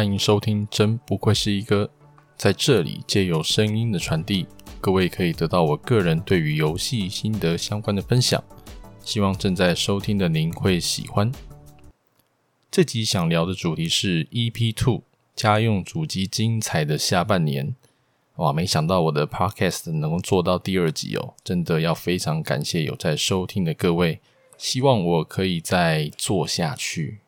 歡迎收聽，真不愧是一個在這裡借由聲音的傳遞，各位可以得到我個人對於遊戲心得相關的分享。希望正在收聽的您會喜歡。這集想聊的主題是 EP2 家用主機精彩的下半年。哇，沒想到我的 Podcast 能夠做到第二集哦，真的要非常感謝有在收聽的各位，希望我可以再做下去。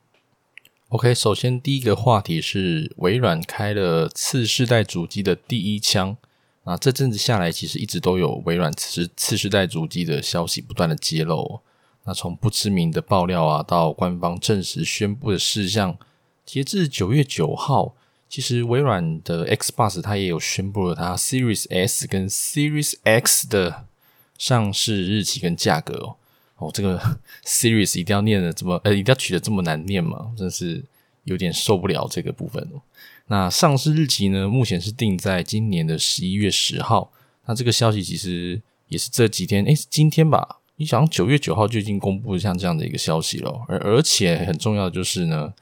OK，首先第一個話題是微軟開了次世代主機的第一槍。那這陣子下來，其實一直都有微軟次次世代主機的消息不斷的揭露。那從不知名的爆料啊，到官方正式宣布的事項，截至九月九號，其實微軟的 Xbox 它也有宣布了它 Series S 跟 Series X 的上市日期跟價格。哦，這個 series 一定要念的這麼，呃，一定要取得這麼難念嘛？真是有點受不了這個部分哦。那上市日期呢？目前是定在今年的十一月十號。那這個消息其實也是這幾天，誒，是今天吧？你想像九月九號就已經公布了像這樣的一個消息了哦，而而且很重要的就是呢，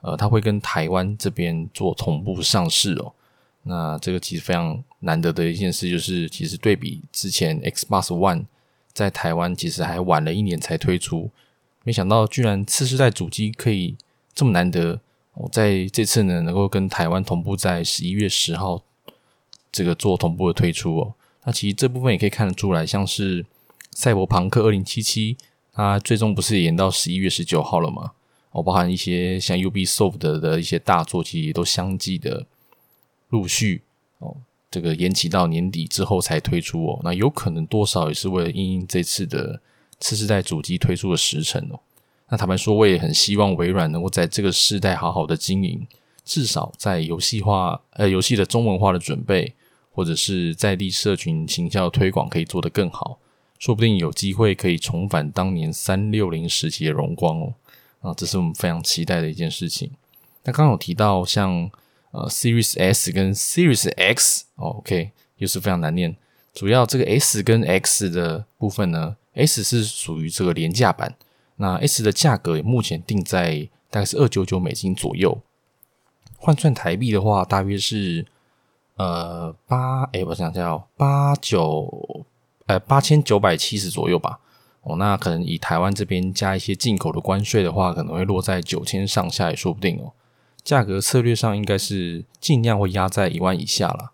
呃，它會跟台灣這邊做同步上市哦。那這個其實非常難得的一件事，就是其實對比之前 Xbox One。在台灣其實還晚了一年才推出，沒想到居然次世代主機可以這麼難得，我在這次呢能夠跟台灣同步在十一月十號這個做同步的推出哦。那其實這部分也可以看得出來，像是《賽博朋克二零七七》，它最終不是延到十一月十九號了嘛？哦，包含一些像 Ubisoft 的一些大作，其實也都相繼的陸續哦。這個延期到年底之後才推出哦，那有可能多少也是為了因應，應這次的次世代主機推出的時程哦。那坦白說，我也很希望微軟能夠在這個世代好好的經營，至少在遊戲化、呃遊戲的中文化的準備，或者是在地社群形象推廣可以做得更好，說不定有機會可以重返當年三六零時期的榮光哦。啊，這是我們非常期待的一件事情。那剛剛有提到像。呃，Series S 跟 Series X，哦，OK 又是非常難念。主要這個 S 跟 X 的部分呢，S 是屬於這個廉價版。那 S 的價格也目前定在大概是二九九美金左右，換算台幣的話，大約是呃八，哎，我想一下哦，八九，呃，八千九百七十左右吧。哦，那可能以台灣這邊加一些進口的關稅的話，可能會落在九千上下也說不定哦。價格策略上應該是盡量會壓在一萬以下了。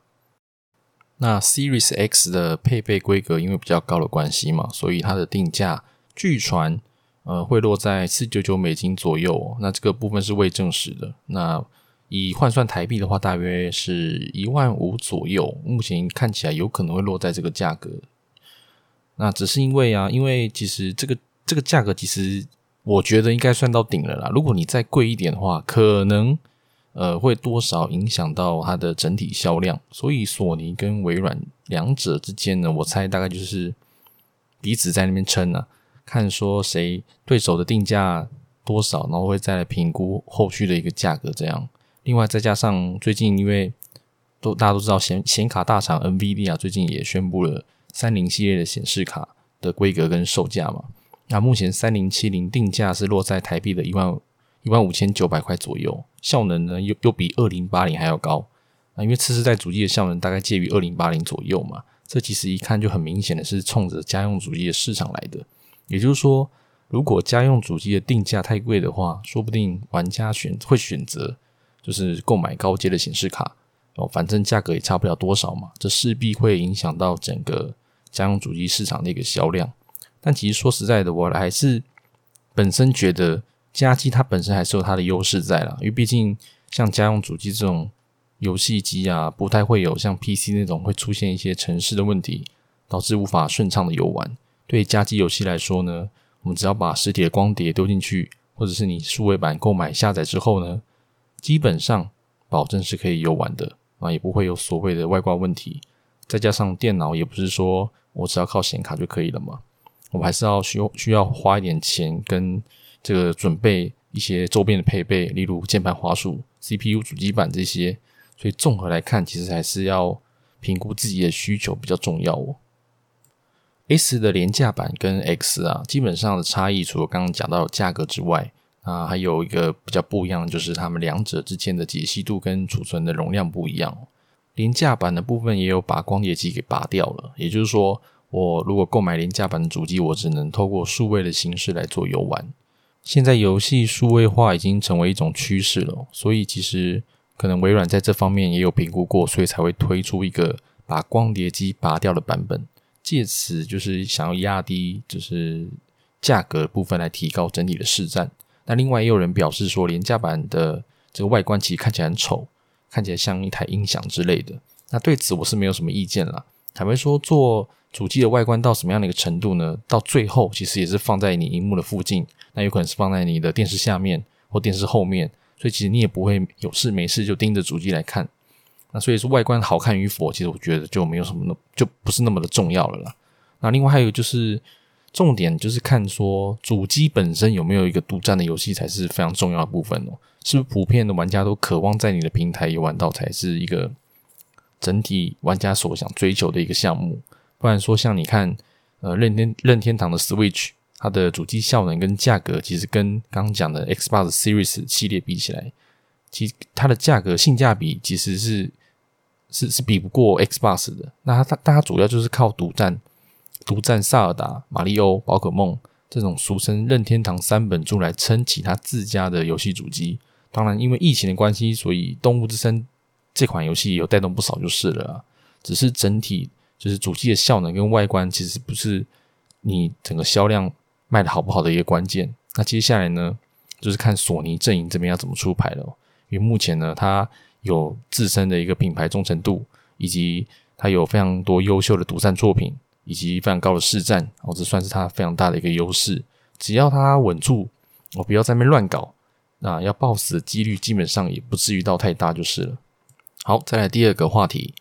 那 Series X 的配備規格因為比較高的關係嘛，所以它的定價據傳呃會落在499美金左右。那這個部分是未證實的。那以換算台幣的話，大約是一萬五左右。目前看起來有可能會落在這個價格。那只是因為啊，因為其實這個這個價格其實。我覺得應該算到頂了啦。如果你再貴一點的話，可能呃會多少影響到它的整體銷量。所以索尼跟微軟兩者之間呢，我猜大概就是彼此在那邊撐呢，看說誰對手的定價多少，然後會再來評估後續的一個價格這樣。另外再加上最近因為都大家都知道顯顯卡大廠 NVIDIA 最近也宣布了30系列的顯示卡的規格跟售價嘛。那目前三零七零定價是落在台幣的一萬一萬五千九百塊左右，效能呢又又比二零八零還要高。啊，因為次世代主機的效能大概介於二零八零左右嘛，這其實一看就很明顯的是衝着家用主機的市場來的。也就是說，如果家用主機的定價太貴的話，說不定玩家選會選擇就是購買高階的顯示卡哦，反正價格也差不了多少嘛，這勢必會影響到整個家用主機市場的一個銷量。但其實說實在的，我還是本身覺得家機它本身還是有它的優勢在啦，因為畢竟像家用主機這種遊戲機啊，不太會有像 PC 那種會出現一些程式的問題，導致無法順暢的遊玩。對於家機遊戲來說呢，我們只要把實體的光碟丟進去，或者是你數位版購買下載之後呢，基本上保證是可以遊玩的，啊，也不會有所謂的外掛問題。再加上電腦也不是說我只要靠顯卡就可以了嘛。我們還是要需需要花一點錢，跟這個準備一些周邊的配備，例如鍵盤、滑鼠、CPU、主機板這些。所以綜合來看，其實還是要評估自己的需求比較重要哦。S 的廉價版跟 X 啊，基本上的差異除了剛剛講到價格之外，啊，還有一個比較不一樣的就是它們兩者之間的解析度跟儲存的容量不一樣。廉價版的部分也有把光碟機給拔掉了，也就是說。我如果購買廉價版的主機，我只能透過數位的形式來做遊玩。現在遊戲數位化已經成為一種趨勢了，所以其實可能微軟在這方面也有評估過，所以才會推出一個把光碟機拔掉的版本，借此就是想要壓低就是價格的部分來提高整體的市占。那另外也有人表示說，廉價版的這個外觀其實看起來很醜，看起來像一台音響之類的。那對此我是沒有什麼意見啦。坦白說，做主機的外觀到什麼樣的一個程度呢？到最後其實也是放在你熒幕的附近，那有可能是放在你的電視下面或電視後面，所以其實你也不會有事沒事就盯着主機來看。那所以說外觀好看與否，其實我覺得就沒有什麼的，就不是那麼的重要了啦。那另外還有就是重點，就是看說主機本身有沒有一個獨占的遊戲才是非常重要的部分哦。是不是普遍的玩家都渴望在你的平台遊玩到，才是一個整體玩家所想追求的一個項目。不然說，像你看，呃，任天任天堂的 Switch，它的主機效能跟價格，其實跟剛剛講的 Xbox Series 系列比起來，其實它的價格性價比其實是是是比不過 Xbox 的。那它它它主要就是靠獨占獨占薩爾達、馬里奧、寶可夢這種俗稱任天堂三本柱來撐起它自家的遊戲主機。當然，因為疫情的關係，所以《動物之森》這款遊戲也有帶動不少，就是了啦。只是整體。就是主機的效能跟外觀其實不是你整個銷量賣得好不好的一個關鍵。那接下來呢，就是看索尼陣營這邊要怎麼出牌了。因為目前呢，它有自身的一個品牌忠誠度，以及它有非常多優秀的獨占作品，以及非常高的市占，哦，這算是它非常大的一個優勢。只要它穩住，我不要在那邊亂搞，那要爆死的幾率基本上也不至於到太大就是了。好，再來第二個話題。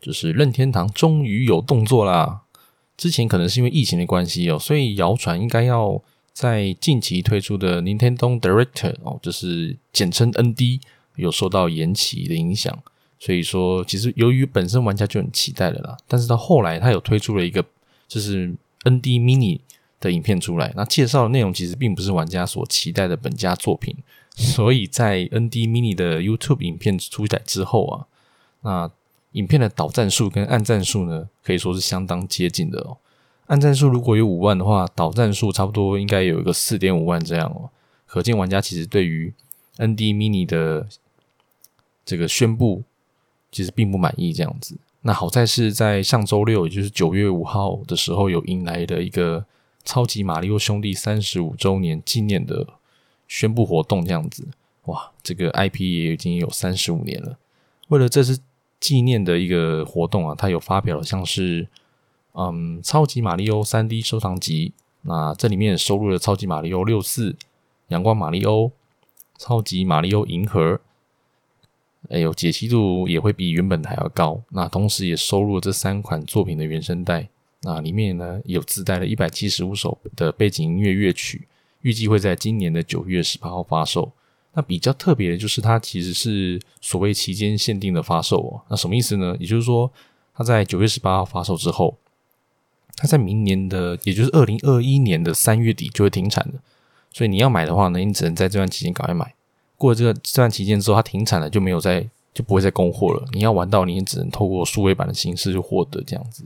就是任天堂終於有動作啦！之前可能是因為疫情的關係哦，所以謠傳應該要在近期推出的 Nintendo Director 哦，就是簡稱 ND 有受到延期的影響。所以說，其實由於本身玩家就很期待了啦，但是到後來他有推出了一個就是 ND Mini 的影片出來，那介紹的內容其實並不是玩家所期待的本家作品。所以在 ND Mini 的 YouTube 影片出來之後啊，那。影片的倒讚數跟按讚數呢，可以說是相當接近的哦。按讚數如果有五萬的話，倒讚數差不多應該有一個四點五萬這樣哦。可見玩家其實對於 N D Mini 的這個宣佈，其實並不滿意這樣子。那好在是在上週六，也就是九月五號的時候，有迎來了一個超級馬里奧兄弟三十五週年紀念的宣佈活動這樣子。哇，這個 I P 也已經有三十五年了。為了這次。紀念的一個活動啊，它有發表了像是嗯超級馬里奧三 D 收藏集，那這裡面也收錄了超級馬里奧六四、陽光馬里奧、超級馬里奧銀河，哎喲解析度也會比原本還要高。那同時也收錄了這三款作品的原聲帶，那裡面呢有自帶了一百七十五首的背景音樂樂曲，預計會在今年的九月十八號發售。那比較特別的就是，它其實是所謂期間限定的發售喔。哦，那什麼意思呢？也就是說，它在九月十八號發售之後，它在明年的，也就是二零二一年的三月底就會停產了。所以你要買的話呢，你只能在這段期間趕快買。過了這段這段期間之後，它停產了，就沒有再，就不會再供貨了。你要玩到，你也只能透過數位版的形式去獲得這樣子。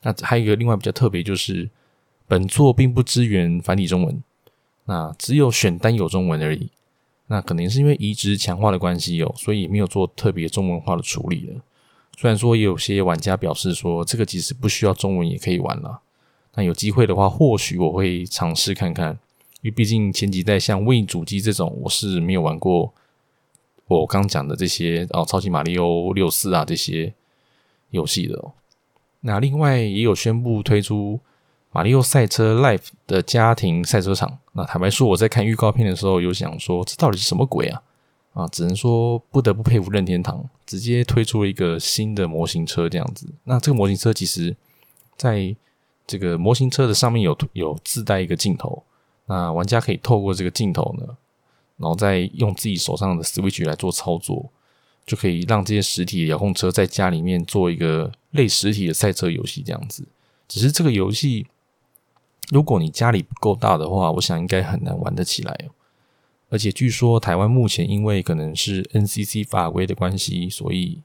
那還有一個另外比較特別就是，本作並不支援繁體中文，那只有選單有中文而已。那可能是因為移植強化的關係哦，所以沒有做特別中文化的處理了。雖然說也有些玩家表示說，這個其實不需要中文也可以玩啦。那有機會的話，或許我會嘗試看看，因為畢竟前幾代像 Wii 主機這種，我是沒有玩過。我剛講的這些哦，超級馬里奧64啊這些遊戲的喔。那另外也有宣布推出。《馬里奧賽車 Live》的家庭賽車場，那坦白說，我在看預告片的時候，有想說，這到底是什麼鬼啊？啊，只能說不得不佩服任天堂，直接推出了一個新的模型車這樣子。那這個模型車其實在這個模型車的上面有有自帶一個鏡頭，那玩家可以透過這個鏡頭呢，然後再用自己手上的 Switch 來做操作，就可以讓這些實體的遙控車在家裡面做一個類實體的賽車遊戲這樣子。只是這個遊戲。如果你家裡不夠大的話，我想應該很難玩得起來。而且據說台灣目前因為可能是 NCC 法規的關係，所以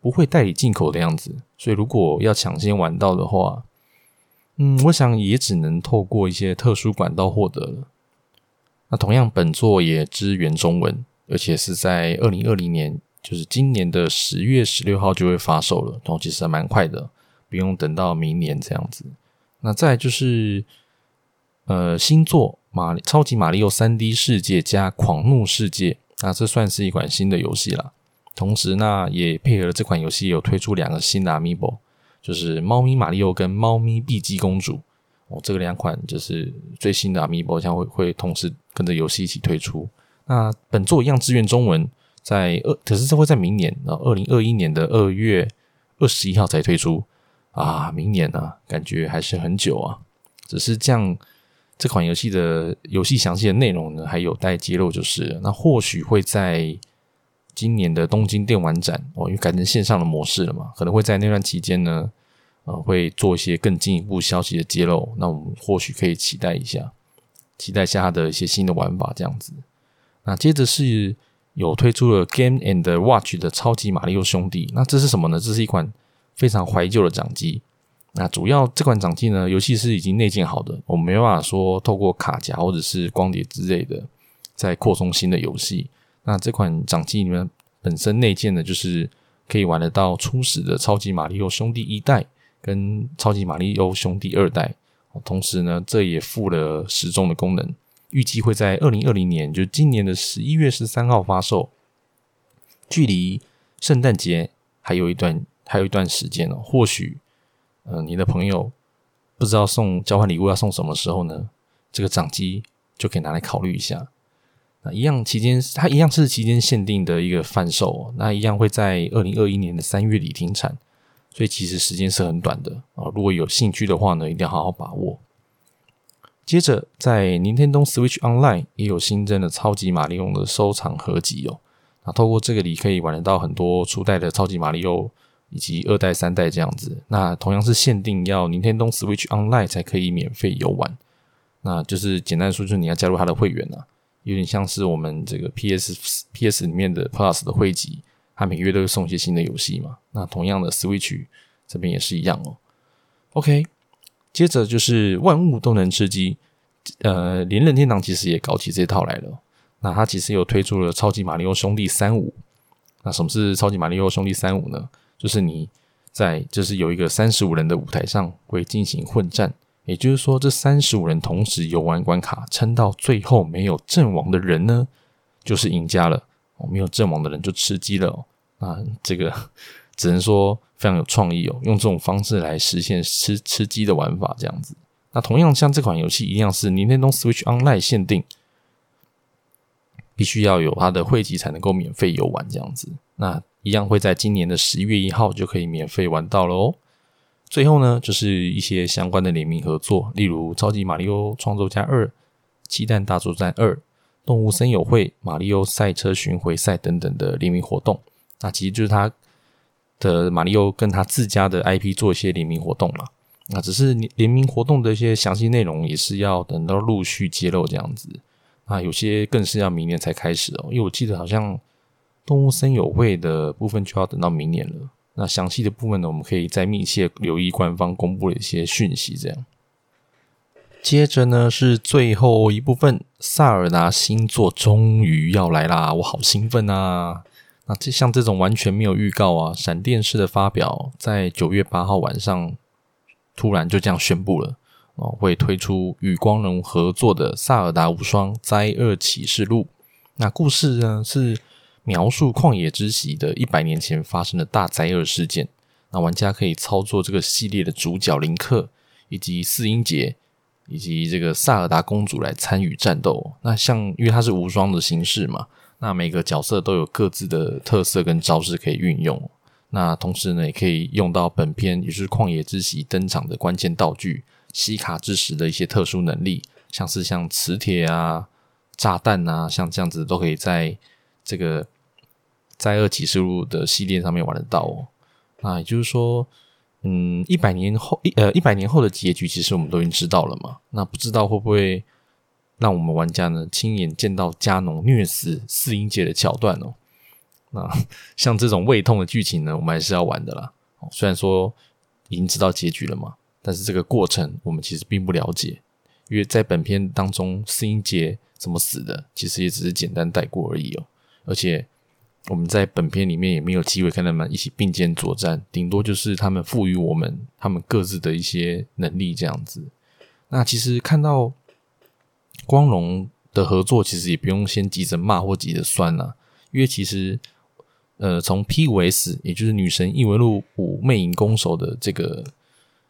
不會代理進口的樣子。所以如果要搶先玩到的話，嗯，我想也只能透過一些特殊管道獲得了。那同樣，本作也支援中文，而且是在二零二零年，就是今年的十月十六號就會發售了。然後其實還蠻快的，不用等到明年這樣子。那再來就是。呃，新作《馬超級馬里奧三 D 世界》加《狂怒世界》，那這算是一款新的遊戲了。同時，呢，也配合了這款遊戲，有推出兩個新的 Amiibo，就是貓咪馬里奧跟貓咪碧姬公主。哦，這個兩款就是最新的 Amiibo 將會會同時跟着遊戲一起推出。那本作一樣支援中文，在二可是這會在明年，然後二零二一年的二月二十一號才推出啊。明年呢、啊，感覺還是很久啊。只是這樣。這款遊戲的遊戲詳細的內容呢，還有待揭露。就是那或許會在今年的東京電玩展，哦，因為改成線上的模式了嘛，可能會在那段期間呢，呃，會做一些更進一步消息的揭露。那我們或許可以期待一下，期待一下它的一些新的玩法這樣子。那接着是有推出了 Game and Watch 的超級瑪利歐兄弟。那這是什麼呢？這是一款非常懷舊的掌機。那主要這款掌機呢，遊戲是已經內建好的，我們沒辦法說透過卡夾或者是光碟之類的再擴充新的遊戲。那這款掌機裡面本身內建的就是可以玩得到初始的《超級馬里奧兄弟》一代跟《超級馬里奧兄弟》二代，同時呢，這也附了時鐘的功能。預計會在二零二零年，就今年的十一月十三號發售，距離聖誕節還有一段還有一段時間了哦，或許。嗯、呃，你的朋友不知道送交換禮物要送什麼時候呢？這個掌機就可以拿來考慮一下。那一樣期間，它一樣是期間限定的一個販售，那一樣會在二零二一年的三月底停產，所以其實時間是很短的啊。如果有興趣的話呢，一定要好好把握。接着，在 Nintendo Switch Online 也有新增的超級瑪利歐的收藏合集哦。那透過這個裡可以玩得到很多初代的超級瑪利歐。以及二代、三代這樣子，那同樣是限定要任天堂 Switch Online 才可以免費遊玩，那就是簡單說，就是你要加入他的會員啊，有點像是我們這個 PS PS 裡面的 Plus 的匯集，他每月都會送一些新的遊戲嘛。那同樣的 Switch 這邊也是一樣哦。OK，接着就是萬物都能吃雞，呃，連任天堂其實也搞起這套來了。那他其實有推出了《超級馬里奧兄弟三五》，那什麼是《超級馬里奧兄弟三五》呢？就是你在，就是有一個三十五人的舞台上會進行混戰，也就是說，這三十五人同時遊玩關卡，撐到最後沒有陣亡的人呢，就是贏家了。沒有陣亡的人就吃雞了。啊，這個只能說非常有創意哦，用這種方式來實現吃吃雞的玩法這樣子。那同樣像這款遊戲一樣，是 Nintendo Switch Online 限定，必須要有它的會籍才能夠免費遊玩這樣子。那。一樣會在今年的十一月一號就可以免費玩到了哦。最後呢，就是一些相關的聯名合作，例如《超級馬里奧創作家二》《雞蛋大作戰二》《動物森友會》《馬里奧賽車巡迴賽》等等的聯名活動。那其實就是他的馬里奧跟他自家的 IP 做一些聯名活動了。那只是聯聯名活動的一些詳細內容，也是要等到陸續揭露這樣子。那有些更是要明年才開始哦，因為我記得好像。動物森友會的部分就要等到明年了。那詳細的部分呢，我們可以再密切留意官方公布的一些訊息。這樣，接着呢是最後一部分，薩爾達新作終於要來啦！我好興奮啊！那就像這種完全沒有預告啊，閃電式的發表，在九月八號晚上突然就這樣宣布了哦，會推出與光榮合作的《薩爾達無雙：災厄啟示錄》。那故事呢是。描述曠野之息的一百年前發生的大災厄事件。那玩家可以操作這個系列的主角林克，以及四英傑，以及這個薩爾達公主來參與戰鬥。那像因為它是無雙的形式嘛，那每個角色都有各自的特色跟招式可以運用。那同時呢，也可以用到本篇，也就是曠野之息登場的關鍵道具希卡之石的一些特殊能力，像是像磁鐵啊、炸彈啊，像這樣子都可以在這個。在二極之路的系列上面玩得到哦，那也就是說，嗯，一百年後一，呃，一百年後的結局其實我們都已經知道了嘛。那不知道會不會讓我們玩家呢親眼見到加農虐死四英杰的橋段哦？那像這種胃痛的劇情呢，我們還是要玩的啦。雖然說已經知道結局了嘛，但是這個過程我們其實並不了解，因為在本篇當中四英傑怎麼死的，其實也只是簡單帶過而已哦，而且。我們在本片裡面也沒有機會跟他們一起並肩作戰，頂多就是他們賦予我們他們各自的一些能力這樣子。那其實看到光榮的合作，其實也不用先急着罵或急着酸啦，因為其實，呃，從 P 五 S 也就是女神異聞錄五魅影攻手的這個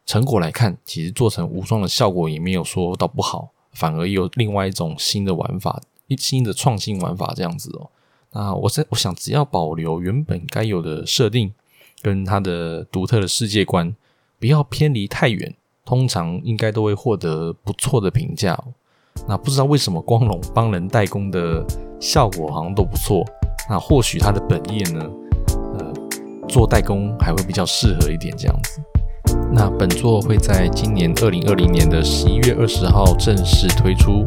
成果來看，其實做成無雙的效果也沒有說到不好，反而有另外一種新的玩法，一新的創新玩法這樣子哦。啊，我在我想，只要保留原本該有的設定跟它的獨特的世界觀，不要偏離太遠，通常應該都會獲得不錯的評價哦。那不知道為什麼光榮幫人代工的效果好像都不錯，那或許他的本業呢，呃，做代工還會比較適合一點這樣子。那本作會在今年二零二零年的十一月二十號正式推出，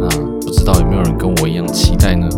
那不知道有沒有人跟我一樣期待呢？